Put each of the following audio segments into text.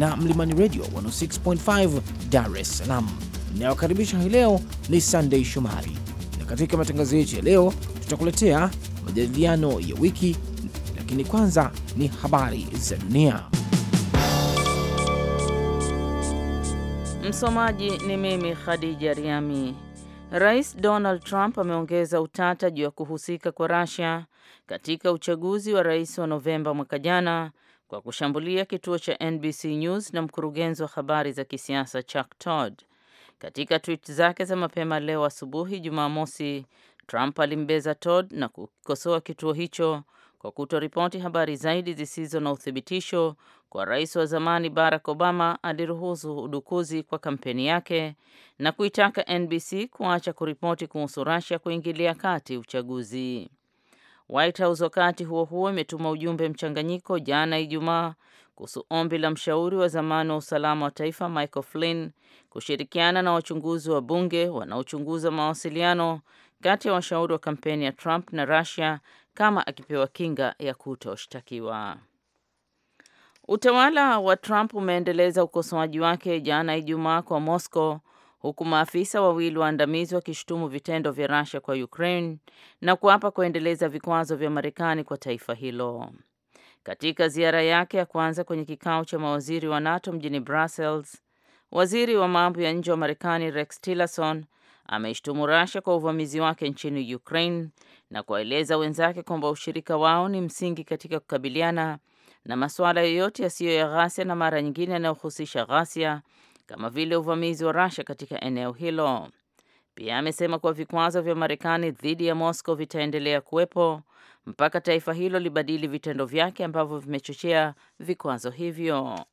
na Mlimani Radio 106.5 Dar es Salaam. Inayokaribisha hii leo ni Sunday Shomari, na katika matangazo yetu ya leo tutakuletea majadiliano ya wiki, lakini kwanza ni habari za dunia. Msomaji ni mimi Khadija Riami. Rais Donald Trump ameongeza utata juu ya kuhusika kwa Russia katika uchaguzi wa rais wa Novemba mwaka jana kwa kushambulia kituo cha NBC News na mkurugenzi wa habari za kisiasa Chuck Todd. Katika tweet zake za mapema leo asubuhi Jumamosi, Trump alimbeza Todd na kukosoa kituo hicho kwa kutoripoti habari zaidi zisizo na uthibitisho kwa rais wa zamani Barack Obama aliruhusu udukuzi kwa kampeni yake na kuitaka NBC kuacha kuripoti kuhusu Russia kuingilia kati uchaguzi. White House wakati huo huo imetuma ujumbe mchanganyiko jana Ijumaa kuhusu ombi la mshauri wa zamani wa usalama wa taifa Michael Flynn kushirikiana na wachunguzi wa bunge wanaochunguza mawasiliano kati ya washauri wa kampeni ya Trump na Russia kama akipewa kinga ya kutoshtakiwa. Utawala wa Trump umeendeleza ukosoaji wake jana Ijumaa kwa Moscow huku maafisa wawili waandamizi wakishutumu vitendo vya rasha kwa Ukraine na kuapa kuendeleza vikwazo vya Marekani kwa taifa hilo. Katika ziara yake ya kwanza kwenye kikao cha mawaziri wa NATO mjini Brussels, waziri wa mambo ya nje wa Marekani Rex Tillerson ameishtumu rasha kwa uvamizi wake nchini Ukraine na kuwaeleza wenzake kwamba ushirika wao ni msingi katika kukabiliana na masuala yoyote yasiyo ya ghasia na mara nyingine yanayohusisha ghasia kama vile uvamizi wa Russia katika eneo hilo. Pia amesema kuwa vikwazo vya Marekani dhidi ya Moscow vitaendelea kuwepo mpaka taifa hilo libadili vitendo vyake ambavyo vimechochea vikwazo hivyo.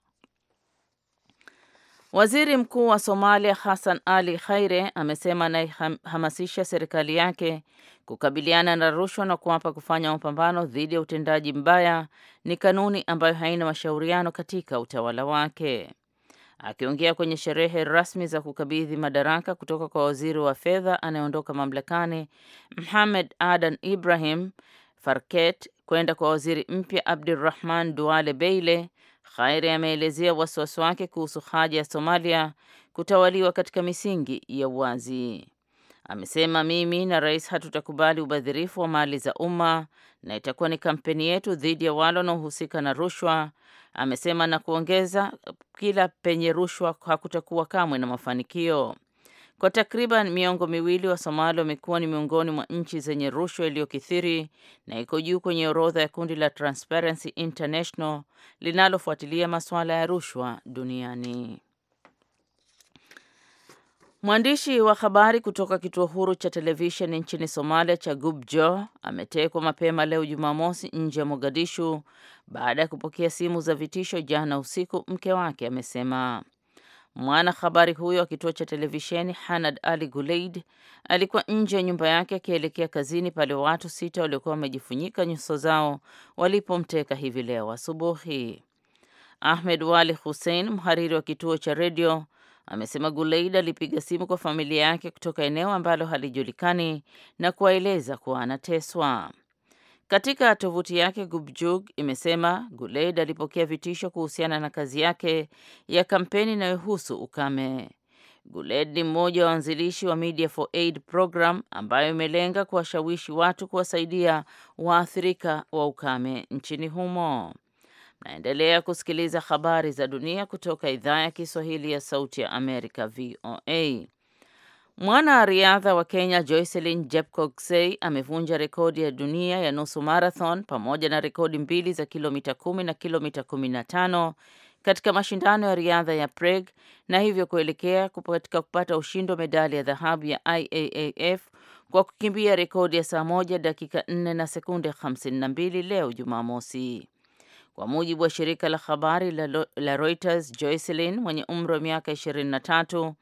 Waziri Mkuu wa Somalia Hassan Ali Khaire amesema anaihamasisha serikali yake kukabiliana na rushwa na kuapa kufanya mapambano dhidi ya utendaji mbaya ni kanuni ambayo haina mashauriano katika utawala wake. Akiongea kwenye sherehe rasmi za kukabidhi madaraka kutoka kwa waziri wa fedha anayeondoka mamlakani Mohamed Adan Ibrahim Farket kwenda kwa waziri mpya abdurahman Duale Beile, Khairi ameelezea wasiwasi wake kuhusu haja ya Somalia kutawaliwa katika misingi ya uwazi. Amesema, mimi na rais hatutakubali ubadhirifu wa mali za umma na itakuwa ni kampeni yetu dhidi ya wale wanaohusika na rushwa. Amesema na kuongeza, kila penye rushwa hakutakuwa kamwe na mafanikio. Kwa takriban miongo miwili wa Somalia wamekuwa ni miongoni mwa nchi zenye rushwa iliyokithiri na iko juu kwenye orodha ya kundi la Transparency International linalofuatilia masuala ya rushwa duniani. Mwandishi wa habari kutoka kituo huru cha televisheni nchini Somalia cha Gubjo ametekwa mapema leo Jumamosi nje ya Mogadishu baada ya kupokea simu za vitisho jana usiku, mke wake amesema. mwana habari huyo wa kituo cha televisheni Hanad Ali Guleid alikuwa nje ya nyumba yake akielekea kazini pale watu sita waliokuwa wamejifunyika nyuso zao walipomteka hivi leo asubuhi. Ahmed Wali Hussein, mhariri wa kituo cha redio amesema Guleid alipiga simu kwa familia yake kutoka eneo ambalo halijulikani na kuwaeleza kuwa anateswa. Katika tovuti yake Gubjug imesema Guleid alipokea vitisho kuhusiana na kazi yake ya kampeni inayohusu ukame. guled ni mmoja wa wanzilishi wa Media for Aid program ambayo imelenga kuwashawishi watu kuwasaidia waathirika wa ukame nchini humo naendelea kusikiliza habari za dunia kutoka idhaa ya Kiswahili ya Sauti ya Amerika, VOA. Mwana riadha wa Kenya Joycelin Jepkosgei amevunja rekodi ya dunia ya nusu marathon pamoja na rekodi mbili za kilomita kumi na kilomita kumi na tano katika mashindano ya riadha ya Prague na hivyo kuelekea katika kupata ushindi wa medali ya dhahabu ya IAAF kwa kukimbia rekodi ya saa moja dakika 4 na sekunde 52 leo Jumamosi. Kwa mujibu wa shirika la habari la, la Reuters, Joycelyn mwenye umri wa miaka 23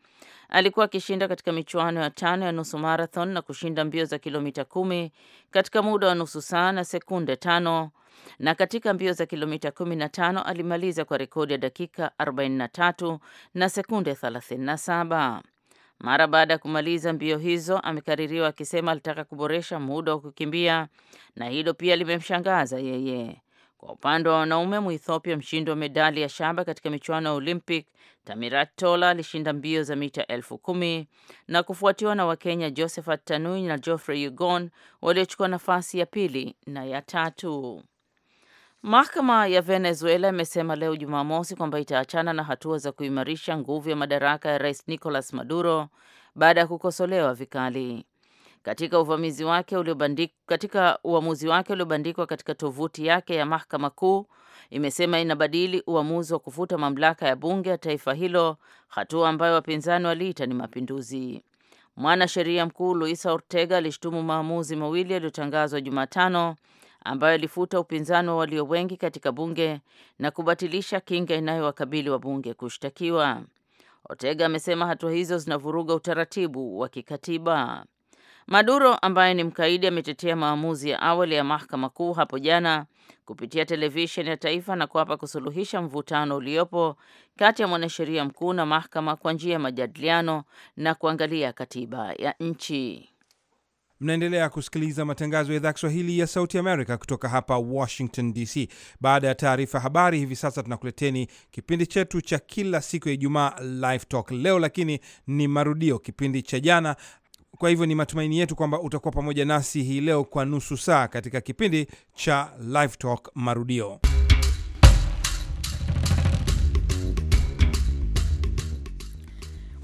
alikuwa akishinda katika michuano ya tano ya nusu marathon na kushinda mbio za kilomita kumi katika muda wa nusu saa na sekunde tano na katika mbio za kilomita 15 alimaliza kwa rekodi ya dakika 43 na sekunde 37. Mara baada ya kumaliza mbio hizo amekaririwa akisema alitaka kuboresha muda wa kukimbia na hilo pia limemshangaza yeye. Kwa upande wa wanaume, Muethiopia mshindi wa medali ya shaba katika michuano ya Olympic Tamirat Tola alishinda mbio za mita elfu kumi na kufuatiwa na Wakenya Josephat Tanui na Geoffrey Yugon waliochukua nafasi ya pili na ya tatu. Mahakama ya Venezuela imesema leo Jumamosi kwamba itaachana na hatua za kuimarisha nguvu ya madaraka ya Rais Nicolas Maduro baada ya kukosolewa vikali katika uvamizi wake uliobandikwa katika uamuzi wake uliobandikwa katika tovuti yake ya mahakama kuu imesema inabadili uamuzi wa kufuta mamlaka ya bunge ya taifa hilo, hatua ambayo wapinzani waliita ni mapinduzi. Mwanasheria mkuu Luisa Ortega alishutumu maamuzi mawili yaliyotangazwa Jumatano ambayo alifuta upinzani wa walio wengi katika bunge na kubatilisha kinga inayowakabili wa bunge kushtakiwa. Ortega amesema hatua hizo zinavuruga utaratibu wa kikatiba. Maduro ambaye ni mkaidi ametetea maamuzi ya awali ya mahakama kuu hapo jana kupitia televisheni ya taifa na kuapa kusuluhisha mvutano uliopo kati ya mwanasheria mkuu na mahakama kwa njia ya majadiliano na kuangalia katiba ya nchi. Mnaendelea kusikiliza matangazo ya idhaa Kiswahili ya Sauti Amerika kutoka hapa Washington DC. Baada ya taarifa habari, hivi sasa tunakuleteni kipindi chetu cha kila siku ya Ijumaa, Live Talk. Leo lakini ni marudio kipindi cha jana kwa hivyo ni matumaini yetu kwamba utakuwa pamoja nasi hii leo kwa nusu saa katika kipindi cha Live Talk marudio.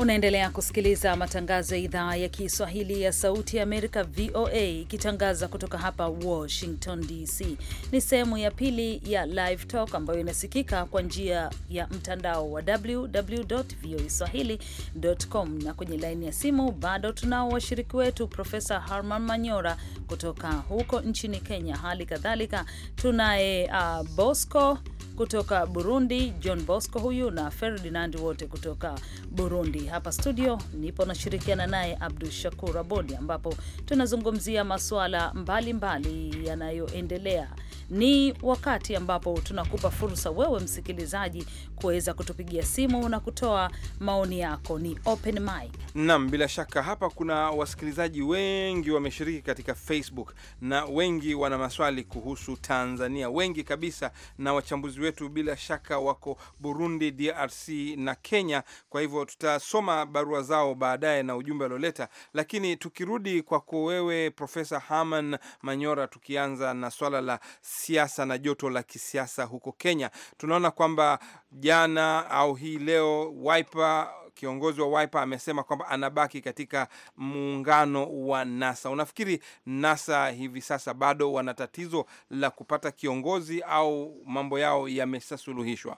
Unaendelea kusikiliza matangazo ya idhaa ya Kiswahili ya Sauti ya Amerika, VOA, ikitangaza kutoka hapa Washington DC. Ni sehemu ya pili ya Live Talk ambayo inasikika kwa njia ya mtandao wa www voa swahili.com, na kwenye laini ya simu bado tunao washiriki wetu Profesa Harman Manyora kutoka huko nchini Kenya. Hali kadhalika tunaye uh, Bosco kutoka Burundi, John Bosco huyu na Ferdinand wote kutoka Burundi. Hapa studio nipo nashirikiana naye Abdu Shakur Abodi, ambapo tunazungumzia masuala mbalimbali yanayoendelea. Ni wakati ambapo tunakupa fursa wewe msikilizaji kuweza kutupigia simu na kutoa maoni yako, ni open mic. Naam, bila shaka hapa kuna wasikilizaji wengi wameshiriki katika Facebook na wengi wana maswali kuhusu Tanzania, wengi kabisa, na wachambuzi wetu wetu bila shaka wako Burundi, DRC na Kenya. Kwa hivyo tutasoma barua zao baadaye na ujumbe walioleta, lakini tukirudi kwako wewe Profesa Haman Manyora, tukianza na swala la siasa na joto la kisiasa huko Kenya, tunaona kwamba jana au hii leo Wiper kiongozi wa Wiper amesema kwamba anabaki katika muungano wa NASA. Unafikiri NASA hivi sasa bado wana tatizo la kupata kiongozi au mambo yao yameshasuluhishwa?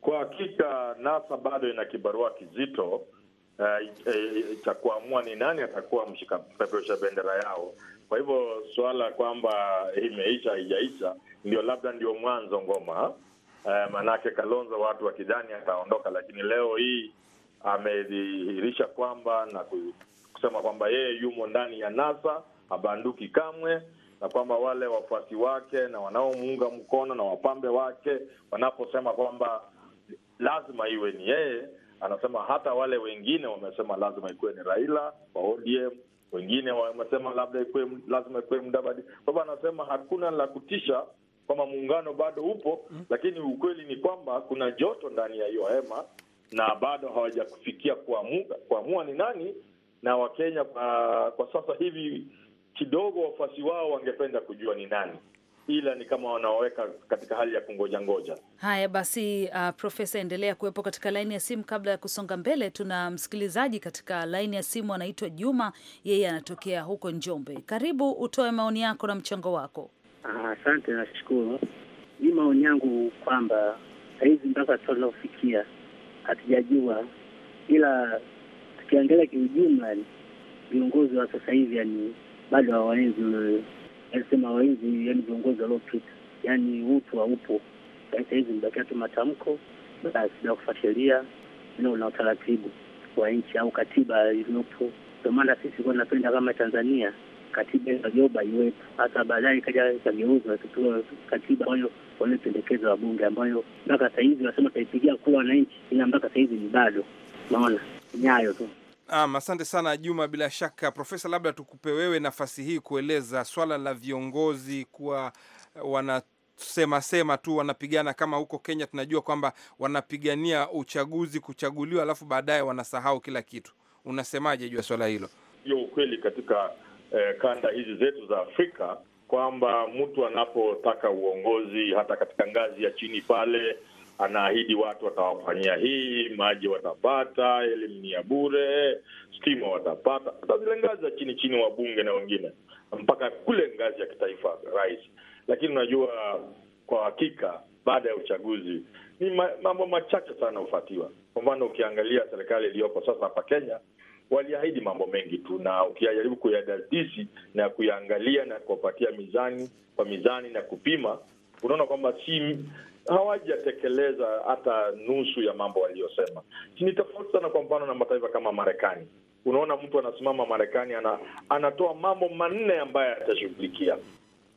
Kwa hakika NASA bado ina kibarua kizito uh, cha kuamua ni nani atakuwa mshika peperusha bendera yao. Kwa hivyo suala kwamba imeisha haijaisha, ndio labda ndio mwanzo ngoma eh, manake Kalonzo watu wakidhani ataondoka, lakini leo hii amedhihirisha kwamba na kusema kwamba yeye yumo ndani ya NASA, abanduki kamwe, na kwamba wale wafuasi wake na wanaomuunga mkono na wapambe wake wanaposema kwamba lazima iwe ni yeye, anasema hata wale wengine wamesema lazima ikuwe ni Raila wa ODM wengine wamesema labda ikuwe lazima ikuwe Mdabadi. Kwa hivyo anasema hakuna la kutisha kwamba muungano bado upo mm. Lakini ukweli ni kwamba kuna joto ndani ya hiyo hema na bado hawajakufikia kuamua ni nani, na Wakenya kwa, uh, kwa sasa hivi kidogo wafuasi wao wangependa kujua ni nani, ila ni kama wanaoweka katika hali ya kungoja ngoja. Haya basi, uh, Profesa, endelea kuwepo katika laini ya simu. Kabla ya kusonga mbele, tuna msikilizaji katika laini ya simu anaitwa Juma, yeye anatokea huko Njombe. Karibu utoe maoni yako na mchango wako. Asante, nashukuru. ni maoni yangu kwamba sahizi mpaka tunaofikia hatujajua, ila tukiangalia kiujumla, viongozi wa sasa hivi yani bado hawaenzi alisema hawaenzi, yani viongozi waliopita, yani utu haupo. Sahizi mbakia tu matamko basi, bila kufuatilia nao na utaratibu wa nchi au katiba iliyopo. Ndio maana sisi kuwa napenda kama Tanzania katiba iliyoba iwe Hata baadaye ikaja ikageuzwa tukiwa katiba ambayo waliopendekeza bunge ambayo mpaka sasa hivi wanasema tutaipigia kura wananchi, ila mpaka sasa hivi ni bado, naona nyayo tu. Naam, asante sana Juma. Bila shaka, Profesa, labda tukupe wewe nafasi hii kueleza swala la viongozi kuwa wanasema sema tu wanapigana kama huko Kenya tunajua kwamba wanapigania uchaguzi kuchaguliwa, alafu baadaye wanasahau kila kitu. Unasemaje juu ya swala hilo? Ndio ukweli katika eh, kanda hizi zetu za Afrika kwamba mtu anapotaka uongozi hata katika ngazi ya chini pale anaahidi watu watawafanyia hii, maji watapata, elimu ni ya bure, stima watapata, hata zile ngazi za chini chini, wabunge na wengine, mpaka kule ngazi ya kitaifa, rais. Lakini unajua kwa hakika, baada ya uchaguzi ni mambo machache sana hufuatiwa. Kwa mfano, ukiangalia serikali iliyopo sasa hapa Kenya waliahidi mambo mengi tu, na ukijaribu kuyadadisi na kuyaangalia na kuwapatia mizani kwa mizani na kupima, unaona kwamba si hawajatekeleza hata nusu ya mambo waliyosema. Ni tofauti sana, kwa mfano na mataifa kama Marekani. Unaona mtu anasimama Marekani ana, anatoa mambo manne ambayo atashughulikia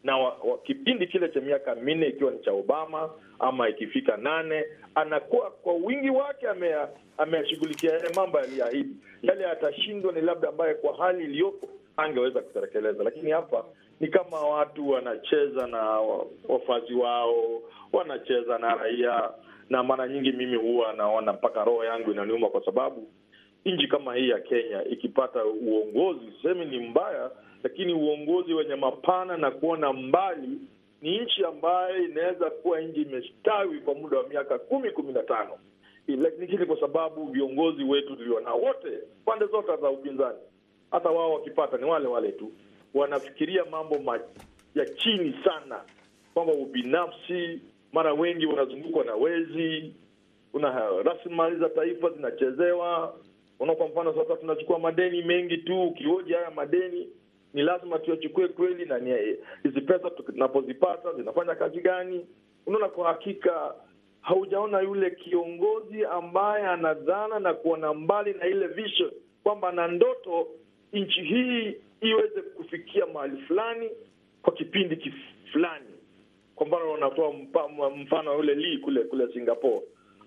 na wa, wa, kipindi kile cha miaka minne ikiwa ni cha Obama ama ikifika nane, anakuwa kwa wingi wake ameyashughulikia yale mambo yaliyoahidi. Yale atashindwa ni labda ambaye kwa hali iliyopo angeweza kutekeleza, lakini hapa ni kama watu wanacheza na wafazi wao, wanacheza na raia, na mara nyingi mimi huwa naona mpaka roho yangu inaniuma, kwa sababu nchi kama hii ya Kenya ikipata uongozi, sisemi ni mbaya lakini uongozi wenye mapana na kuona mbali ni nchi ambayo inaweza kuwa nchi imestawi kwa muda wa miaka kumi kumi na tano lakini kwa sababu viongozi wetu tulionao wote, pande zote, za upinzani, hata wao wakipata ni wale wale tu, wanafikiria mambo ma ya chini sana, kwamba ubinafsi. Mara wengi wanazungukwa na wezi, kuna rasilimali za taifa zinachezewa. Unaona, kwa mfano sasa tunachukua madeni mengi tu, ukioji haya madeni ni lazima tuyachukue kweli, na eh, hizi pesa tunapozipata zinafanya kazi gani? Unaona, kwa hakika haujaona yule kiongozi ambaye anadhana na kuona mbali na ile vision kwamba na ndoto nchi hii iweze kufikia mahali fulani kwa kipindi fulani. Kwa mfano, wanatoa mfano yule Lee kule kule Singapore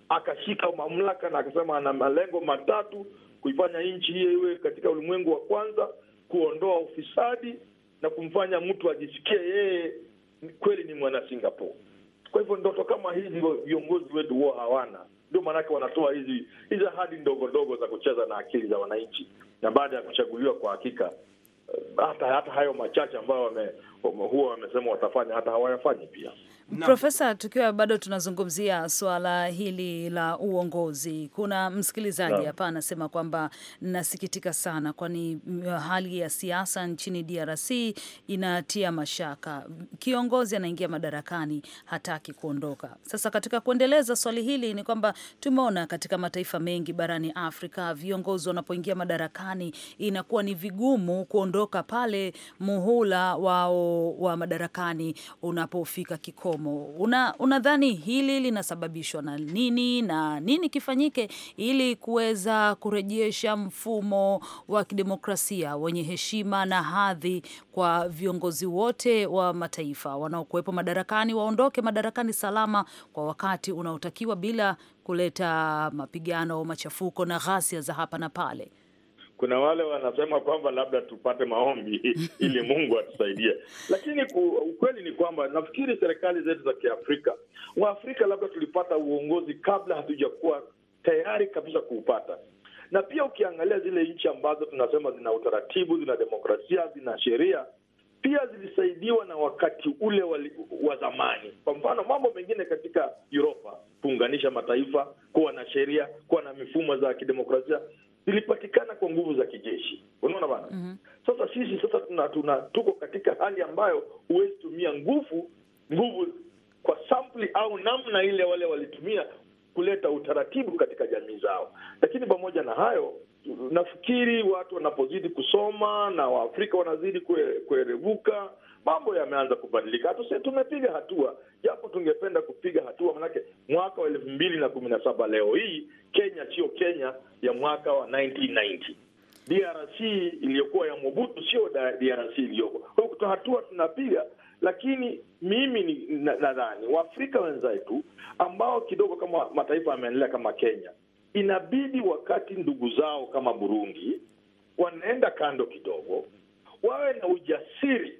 akashika mamlaka na akasema ana malengo matatu: kuifanya nchi hiyo iwe katika ulimwengu wa kwanza kuondoa ufisadi na kumfanya mtu ajisikie yeye kweli ni mwana Singapore. Kwa hivyo ndoto kama hizi viongozi wetu huwa hawana, ndio maanake wanatoa hizi hizi ahadi ndogo ndogo za kucheza na akili za wananchi, na baada ya kuchaguliwa kwa hakika eh, hata hata hayo machache ambayo wame, huwa wamesema watafanya hata hawayafanyi pia. No. Profesa, tukiwa bado tunazungumzia suala hili la uongozi, kuna msikilizaji hapa no. anasema kwamba nasikitika sana, kwani uh, hali ya siasa nchini DRC inatia mashaka. Kiongozi anaingia madarakani, hataki kuondoka. Sasa katika kuendeleza swali hili ni kwamba tumeona katika mataifa mengi barani Afrika viongozi wanapoingia madarakani inakuwa ni vigumu kuondoka pale muhula wao wa madarakani unapofika kikomo masomo. Una, unadhani hili linasababishwa na nini na nini kifanyike ili kuweza kurejesha mfumo wa kidemokrasia wenye heshima na hadhi kwa viongozi wote wa mataifa wanaokuwepo madarakani, waondoke madarakani salama kwa wakati unaotakiwa bila kuleta mapigano, machafuko na ghasia za hapa na pale kuna wale wanasema kwamba labda tupate maombi ili Mungu atusaidie, lakini ukweli ni kwamba nafikiri serikali zetu za Kiafrika, Waafrika labda tulipata uongozi kabla hatujakuwa tayari kabisa kuupata na pia ukiangalia zile nchi ambazo tunasema zina utaratibu, zina demokrasia, zina sheria, pia zilisaidiwa na wakati ule wali, wa zamani. Kwa mfano mambo mengine katika Uropa, kuunganisha mataifa, kuwa na sheria, kuwa na mifumo za kidemokrasia, zilipatikana kwa nguvu za kijeshi. Unaona bana? mm -hmm. Sasa sisi sasa tuna, tuna tuko katika hali ambayo huwezi tumia nguvu nguvu kwa sampli au namna ile wale walitumia kuleta utaratibu katika jamii zao. Lakini pamoja na hayo, nafikiri watu wanapozidi kusoma na Waafrika wanazidi kuerevuka, mambo yameanza kubadilika. Tumepiga hatua, japo tungependa mwaka wa elfu mbili na kumi na saba leo hii Kenya sio Kenya ya mwaka wa 1990. DRC iliyokuwa ya Mobutu sio DRC iliyoko. Kwa hatua tunapiga, lakini mimi nadhani Waafrika wenzetu ambao kidogo kama mataifa yameendelea kama Kenya, inabidi wakati ndugu zao kama Burundi wanaenda kando kidogo, wawe na ujasiri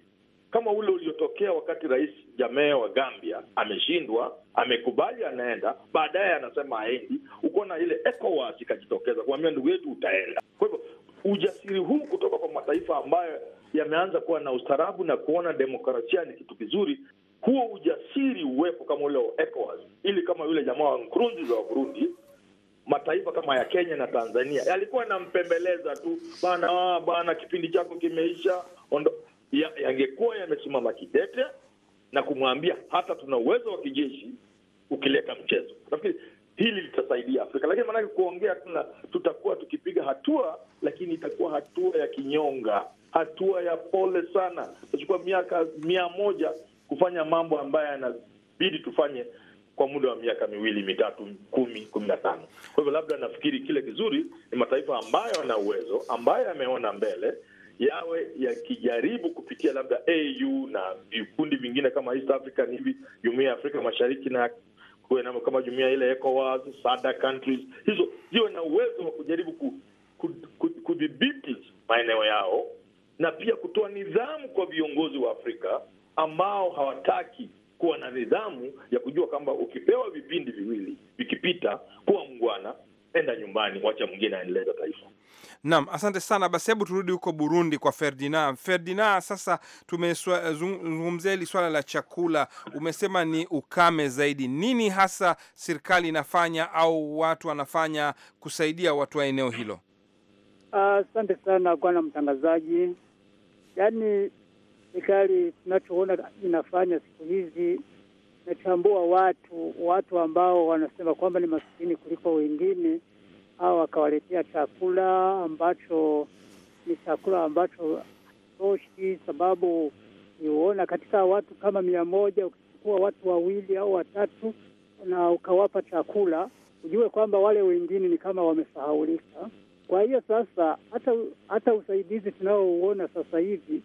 kama ule uliotokea wakati Rais jamee wa Gambia ameshindwa amekubali anaenda, baadaye anasema aendi. Uko na ile ECOWAS ikajitokeza kuambia ndugu yetu utaenda. Kwa hivyo ujasiri huu kutoka kwa mataifa ambayo yameanza kuwa na ustaarabu na kuona demokrasia ni kitu kizuri, huo ujasiri uwepo kama ule wa ECOWAS, ili kama yule jamaa wa Nkurunziza wa Burundi mataifa kama ya Kenya na Tanzania yalikuwa yanampembeleza tu, bana bana, kipindi chako kimeisha, yangekuwa ya yamesimama kidete na kumwambia hata tuna uwezo wa kijeshi ukileta mchezo. Nafikiri hili litasaidia Afrika, lakini maanake kuongea tuna, tutakuwa tukipiga hatua, lakini itakuwa hatua ya kinyonga, hatua ya pole sana. Tutachukua miaka mia moja kufanya mambo ambayo yanabidi tufanye kwa muda wa miaka miwili mitatu kumi kumi na tano. Kwa hivyo labda nafikiri kile kizuri ni mataifa ambayo yana uwezo, ambayo yameona mbele yawe yakijaribu kupitia labda AU na vikundi vingine kama East African hivi, jumuia ya Afrika Mashariki na kuwe na kama jumuia ile ECOWAS, SADC countries hizo ziwe na uwezo wa kujaribu kudhibiti maeneo yao na pia kutoa nidhamu kwa viongozi wa Afrika ambao hawataki kuwa na nidhamu ya kujua kwamba ukipewa vipindi viwili vikipita, kuwa mgwana enda nyumbani, wacha mwingine aendeleza taifa. Naam, asante sana. Basi hebu turudi huko Burundi kwa Ferdinand. Ferdinand, sasa tumezungumzia eh, hili swala la chakula, umesema ni ukame zaidi. Nini hasa serikali inafanya au watu wanafanya kusaidia watu wa eneo hilo? Asante uh, sana bwana mtangazaji. Yaani serikali tunachoona inafanya siku hizi inachambua watu, watu ambao wanasema kwamba ni masikini kuliko wengine au wakawaletea chakula ambacho ni chakula ambacho toshi sababu niuona katika watu kama mia moja ukichukua watu wawili au watatu na ukawapa chakula, ujue kwamba wale wengine ni kama wamesahaulika. Kwa hiyo sasa hata hata usaidizi tunaouona sasa hivi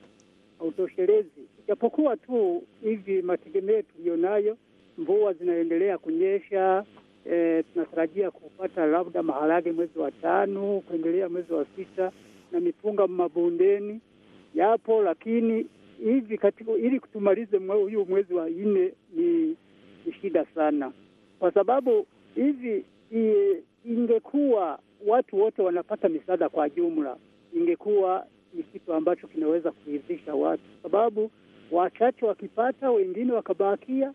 hautoshelezi, japokuwa tu hivi mategemeo tuliyonayo, mvua zinaendelea kunyesha e, tunatarajia kupata labda maharage mwezi wa tano kuendelea mwezi wa sita na mipunga mabondeni yapo, lakini hivi katika ili kutumalize huyu mwezi wa nne ni, ni shida sana, kwa sababu hivi ingekuwa watu wote wanapata misaada kwa jumla, ingekuwa ni kitu ambacho kinaweza kuridhisha watu, sababu wachache wakipata, wengine wakabakia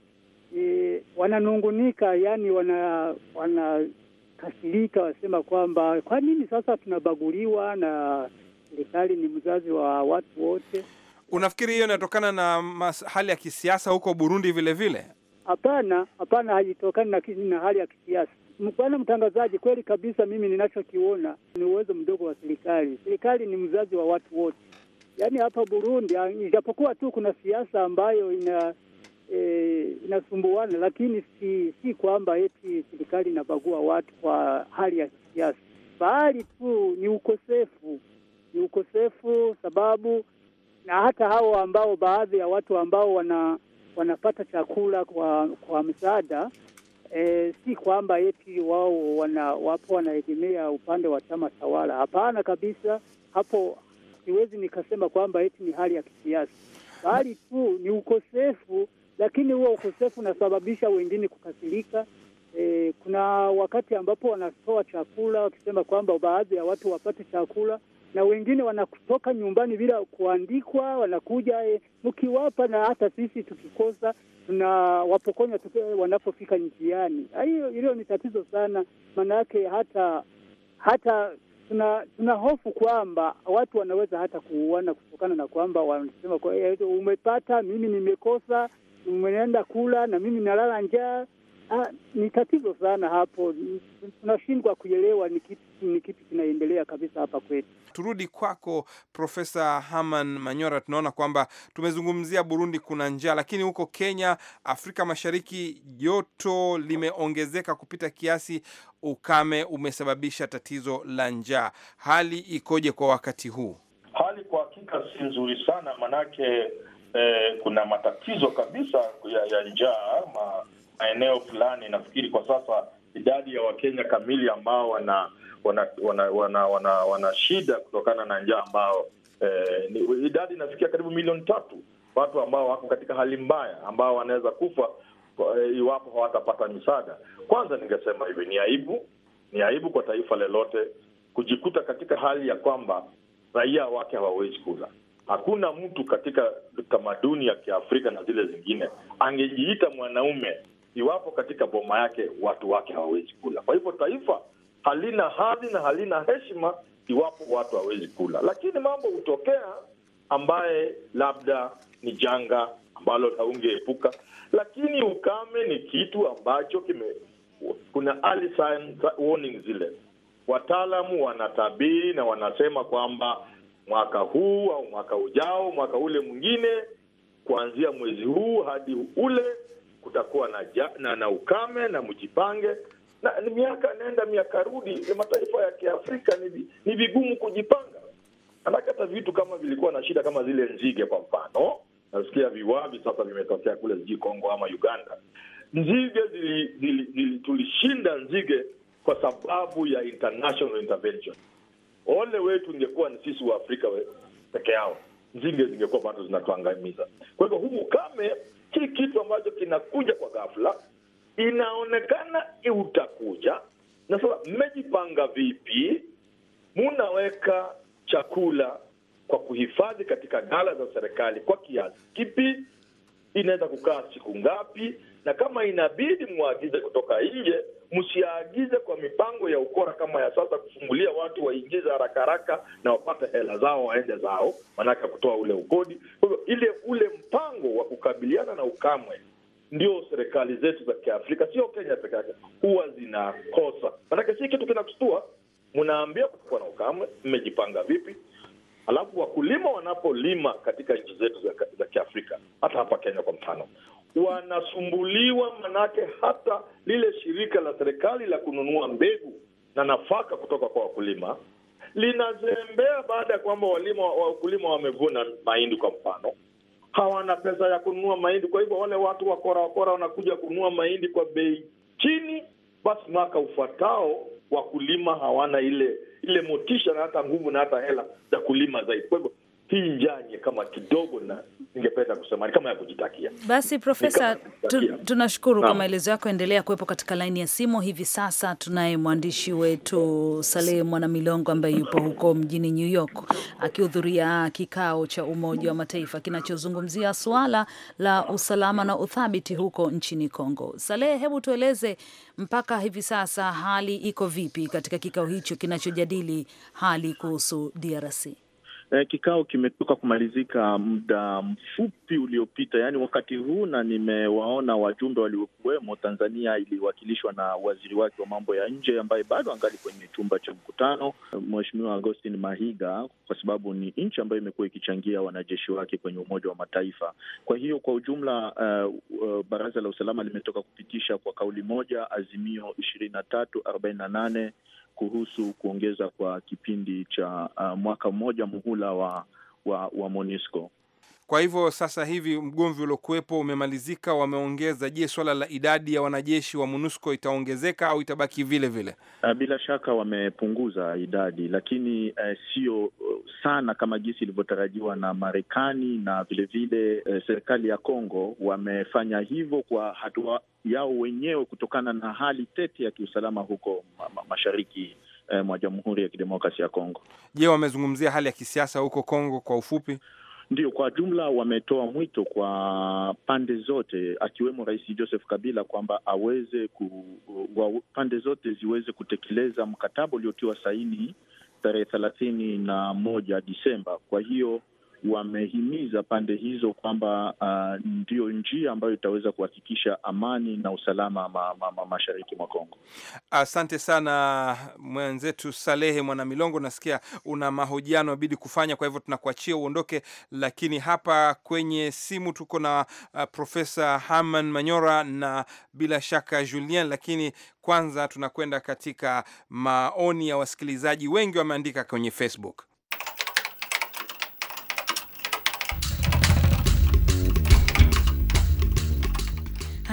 e, wananungunika, yani wana wanakasirika, wasema kwamba kwa nini sasa tunabaguliwa na serikali ni mzazi wa watu wote. Unafikiri hiyo inatokana na hali ya kisiasa huko Burundi vile vile? Hapana, hapana, haitokani na, na hali ya kisiasa. Bwana mtangazaji, kweli kabisa, mimi ninachokiona ni uwezo mdogo wa serikali. Serikali ni mzazi wa watu wote, yaani hapa Burundi, ah, ijapokuwa tu kuna siasa ambayo ina e, inasumbuana, lakini si, si kwamba eti serikali inabagua watu kwa hali ya kisiasa, bali tu ni ukosefu, ni ukosefu sababu, na hata hao ambao baadhi ya watu ambao wana wanapata chakula kwa kwa msaada E, si kwamba eti wao wana, wapo wanaegemea upande wa chama tawala. Hapana kabisa, hapo siwezi nikasema kwamba eti ni hali ya kisiasa, bali tu ni ukosefu lakini huo ukosefu unasababisha wengine kukasirika. E, kuna wakati ambapo wanatoa chakula wakisema kwamba baadhi ya watu wapate chakula, na wengine wanatoka nyumbani bila kuandikwa, wanakuja e, mkiwapa, na hata sisi tukikosa wapokonywa wanapofika njiani. Hiyo ni tatizo sana, maana yake hata hata tuna tuna hofu kwamba watu wanaweza hata kuuana kutokana na kwamba wanasema kwa, eh, umepata mimi nimekosa mmeenda kula na mimi nalala njaa. Ah, ni tatizo sana hapo, tunashindwa kuelewa ni kitu ni kitu kinaendelea kabisa hapa kwetu. Turudi kwako Profesa Haman Manyora, tunaona kwamba tumezungumzia Burundi kuna njaa, lakini huko Kenya, Afrika Mashariki, joto limeongezeka kupita kiasi, ukame umesababisha tatizo la njaa. Hali ikoje kwa wakati huu? Hali kwa hakika si nzuri sana, manake eh, kuna matatizo kabisa ya, ya njaa ma, maeneo fulani. Nafikiri kwa sasa idadi ya Wakenya kamili ambao wana wana wana, wana, wana, wana shida kutokana na njaa ambao eh, idadi inafikia karibu milioni tatu watu ambao wako katika hali mbaya ambao wanaweza kufa eh, iwapo hawatapata misaada. Kwanza ningesema hivi, ni aibu, ni aibu kwa taifa lolote kujikuta katika hali ya kwamba raia wake hawawezi kula. Hakuna mtu katika tamaduni ya Kiafrika na zile zingine angejiita mwanaume iwapo katika boma yake watu wake hawawezi kula. Kwa hivyo taifa halina hadhi na halina heshima iwapo watu hawawezi kula, lakini mambo hutokea ambaye labda ni janga ambalo haungeepuka, lakini ukame ni kitu ambacho kime, kuna early warning zile wataalamu wanatabiri na wanasema kwamba mwaka huu au mwaka ujao, mwaka ule mwingine, kuanzia mwezi huu hadi ule kutakuwa na, ja, na, na ukame na mjipange. Na ni miaka nenda miaka rudi, ni mataifa ya Kiafrika ni vigumu kujipanga, maanake hata vitu kama vilikuwa na shida kama zile nzige kwa mfano, nasikia viwavi sasa vimetokea kule sijui Kongo ama Uganda. Nzige zili, zili, zili, tulishinda nzige kwa sababu ya international intervention. Ole wetu ingekuwa ni sisi wa Afrika peke yao, zinge zingekuwa bado zinatuangamiza. Kwa hivyo humu kame si kitu ambacho kinakuja kwa ghafla, inaonekana utakuja. Na sasa mmejipanga vipi? Munaweka chakula kwa kuhifadhi katika ghala za serikali kwa kiasi kipi? Inaweza kukaa siku ngapi? na kama inabidi mwagize kutoka nje, msiagize kwa mipango ya ukora kama ya sasa, kufungulia watu waingize haraka haraka na wapate hela zao waende zao, manake kutoa ule ukodi. Kwa hivyo ile ule mpango wa kukabiliana na ukamwe ndio serikali zetu za Kiafrika, sio Kenya peke yake, huwa zinakosa. Manake si kitu kinakushtua, mnaambia kutakuwa na ukamwe, mmejipanga vipi? Alafu wakulima wanapolima katika nchi zetu za, za Kiafrika, hata hapa Kenya kwa mfano, wanasumbuliwa, manake hata lile shirika la serikali la kununua mbegu na nafaka kutoka kwa wakulima linazembea baada ya kwamba walima wakulima wamevuna mahindi kwa mfano, hawana pesa ya kununua mahindi. Kwa hivyo wale watu wakora wakora wanakuja kununua mahindi kwa bei chini, basi mwaka ufuatao wakulima hawana ile ile motisha na hata nguvu na hata hela za kulima zaidi. Kwa hivyo hii njanye kama kidogo na ningependa kusema kama ya kujitakia. Basi Profesa, tunashukuru kwa maelezo yako, endelea kuwepo katika laini ya simu. Hivi sasa tunaye mwandishi wetu Salehe Mwanamilongo ambaye yupo huko mjini New York akihudhuria kikao cha Umoja wa Mataifa kinachozungumzia suala la usalama na uthabiti huko nchini Kongo. Salehe, hebu tueleze mpaka hivi sasa hali iko vipi katika kikao hicho kinachojadili hali kuhusu DRC? eh, kikao kimetoka kumalizika muda mfupi uliopita, yaani wakati huu, na nimewaona wajumbe waliokuwemo. Tanzania iliwakilishwa na waziri wake wa mambo ya nje ambaye bado angali kwenye chumba cha mkutano, Mheshimiwa agostin Mahiga, kwa sababu ni nchi ambayo imekuwa ikichangia wanajeshi wake kwenye Umoja wa Mataifa. Kwa hiyo kwa ujumla, uh, uh, Baraza la Usalama limetoka kupitisha kwa kauli moja azimio ishirini na tatu arobaini na nane kuhusu kuongeza kwa kipindi cha uh, mwaka mmoja muhula wa wa, wa MONUSCO kwa hivyo sasa hivi mgomvi uliokuwepo umemalizika, wameongeza. Je, swala la idadi ya wanajeshi wa MONUSCO itaongezeka au itabaki vile vile? Ah, bila shaka wamepunguza idadi, lakini eh, sio uh, sana kama jinsi ilivyotarajiwa na Marekani na vilevile eh, serikali ya Kongo. Wamefanya hivyo kwa hatua yao wenyewe kutokana na hali tete ya kiusalama huko ma ma mashariki eh, mwa Jamhuri ya Kidemokrasia ya Kongo. Je, wamezungumzia hali ya kisiasa huko Kongo kwa ufupi? Ndio, kwa jumla wametoa mwito kwa pande zote akiwemo Rais Joseph Kabila kwamba aweze ku, wa, pande zote ziweze kutekeleza mkataba uliotiwa saini tarehe thelathini na moja Disemba. Kwa hiyo wamehimiza pande hizo kwamba uh, ndio njia ambayo itaweza kuhakikisha amani na usalama ma, ma, ma, mashariki mwa Kongo. Asante sana mwenzetu Salehe Mwanamilongo, nasikia una mahojiano abidi kufanya, kwa hivyo tunakuachia uondoke, lakini hapa kwenye simu tuko na uh, Profesa Haman Manyora na bila shaka Julien, lakini kwanza tunakwenda katika maoni ya wasikilizaji, wengi wameandika kwenye Facebook.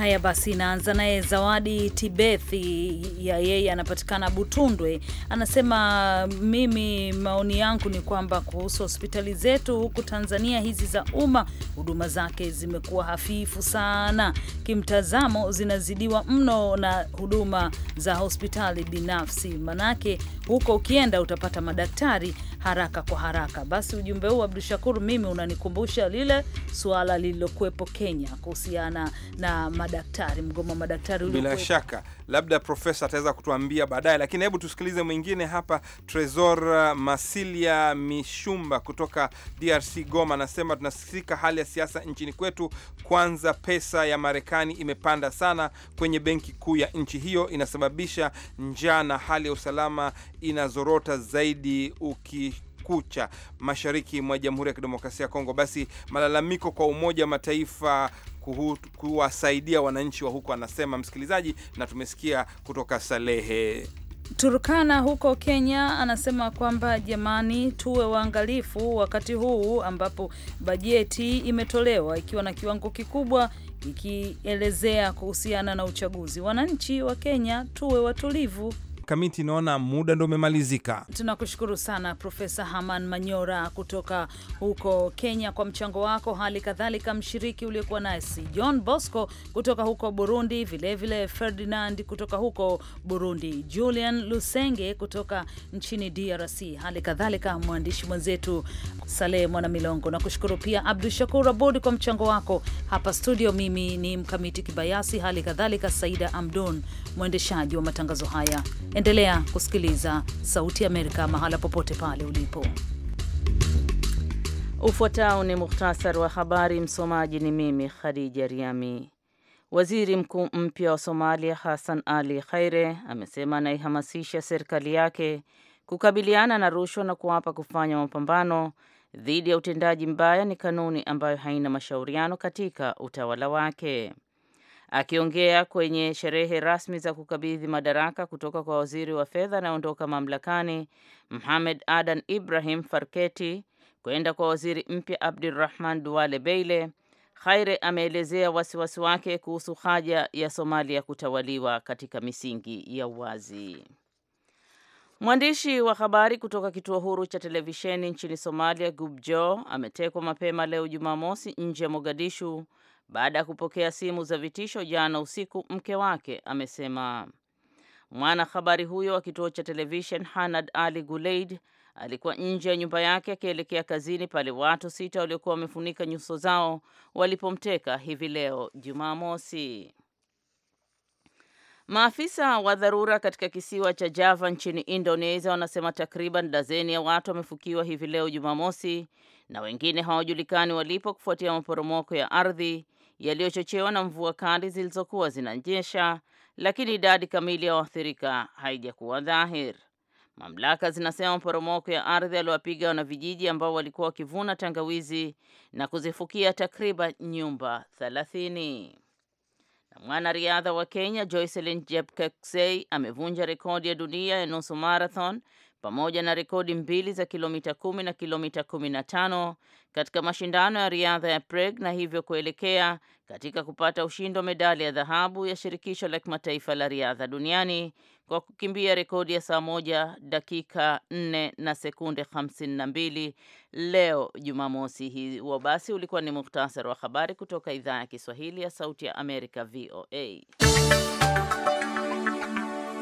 Haya basi, naanza naye Zawadi Tibethi, ya yeye anapatikana Butundwe, anasema mimi maoni yangu ni kwamba kuhusu hospitali zetu huku Tanzania hizi za umma, huduma zake zimekuwa hafifu sana, kimtazamo zinazidiwa mno na huduma za hospitali binafsi, manake huko ukienda utapata madaktari haraka kwa haraka. Basi ujumbe huu Abdu Shakur, mimi unanikumbusha lile suala lililokuwepo Kenya kuhusiana na madaktari, mgomo wa madaktari. Bila shaka labda profesa ataweza kutuambia baadaye, lakini hebu tusikilize mwingine hapa. Tresor uh, Masilia Mishumba kutoka DRC Goma anasema tunasikika hali ya siasa nchini kwetu. Kwanza pesa ya Marekani imepanda sana kwenye benki kuu ya nchi hiyo, inasababisha njaa na hali ya usalama inazorota zaidi ukikucha mashariki mwa Jamhuri ya Kidemokrasia ya Kongo. Basi malalamiko kwa Umoja wa Mataifa kuwasaidia wananchi wa huko, anasema msikilizaji, na tumesikia kutoka Salehe Turkana huko Kenya anasema kwamba jamani, tuwe waangalifu wakati huu ambapo bajeti imetolewa ikiwa na kiwango kikubwa ikielezea kuhusiana na uchaguzi. Wananchi wa Kenya tuwe watulivu. Kamiti, naona muda ndo umemalizika. Tunakushukuru sana Profesa Haman Manyora kutoka huko Kenya kwa mchango wako, hali kadhalika mshiriki uliokuwa nasi John Bosco kutoka huko Burundi, vilevile vile Ferdinand kutoka huko Burundi, Julian Lusenge kutoka nchini DRC, hali kadhalika mwandishi mwenzetu Saleh Mwanamilongo. Nakushukuru pia Abdu Shakur Abud kwa mchango wako hapa studio. Mimi ni Mkamiti Kibayasi, hali kadhalika Saida Amdun mwendeshaji wa matangazo haya. Endelea kusikiliza Sauti ya Amerika mahala popote pale ulipo. Ufuatao ni muhtasari wa habari. Msomaji ni mimi Khadija Riami. Waziri mkuu mpya wa Somalia Hassan Ali Khaire amesema anaihamasisha serikali yake kukabiliana na rushwa na kuwapa kufanya mapambano dhidi ya utendaji mbaya ni kanuni ambayo haina mashauriano katika utawala wake. Akiongea kwenye sherehe rasmi za kukabidhi madaraka kutoka kwa waziri wa fedha anaondoka mamlakani Mohamed Adan Ibrahim Farketi kwenda kwa waziri mpya abdurahman Duale Beile, Khaire ameelezea wasiwasi wake kuhusu haja ya Somalia kutawaliwa katika misingi ya uwazi. Mwandishi wa habari kutoka kituo huru cha televisheni nchini Somalia, Gubjo, ametekwa mapema leo Jumamosi nje ya Mogadishu baada ya kupokea simu za vitisho jana usiku, mke wake amesema. Mwanahabari huyo wa kituo cha televishen Hanad Ali Guleid alikuwa nje ya nyumba yake akielekea kazini pale watu sita waliokuwa wamefunika nyuso zao walipomteka hivi leo Jumamosi. Maafisa wa dharura katika kisiwa cha Java nchini Indonesia wanasema takriban dazeni ya watu wamefukiwa hivi leo Jumamosi na wengine hawajulikani walipo kufuatia maporomoko ya ardhi yaliyochochewa na mvua kali zilizokuwa zinanyesha, lakini idadi kamili ya waathirika haijakuwa dhahir. Mamlaka zinasema maporomoko ya ardhi aliwapiga wanavijiji ambao walikuwa wakivuna tangawizi na kuzifukia takriban nyumba thelathini. Na mwanariadha wa Kenya Joycelyn Jepkesgei amevunja rekodi ya dunia ya nusu marathon pamoja na rekodi mbili za kilomita kumi na kilomita kumi na tano katika mashindano ya riadha ya Prague na hivyo kuelekea katika kupata ushindi wa medali ya dhahabu ya shirikisho la kimataifa la riadha duniani kwa kukimbia rekodi ya saa moja dakika nne na sekunde hamsini na mbili leo Jumamosi. Huo basi ulikuwa ni muhtasari wa habari kutoka idhaa ya Kiswahili ya Sauti ya Amerika, VOA.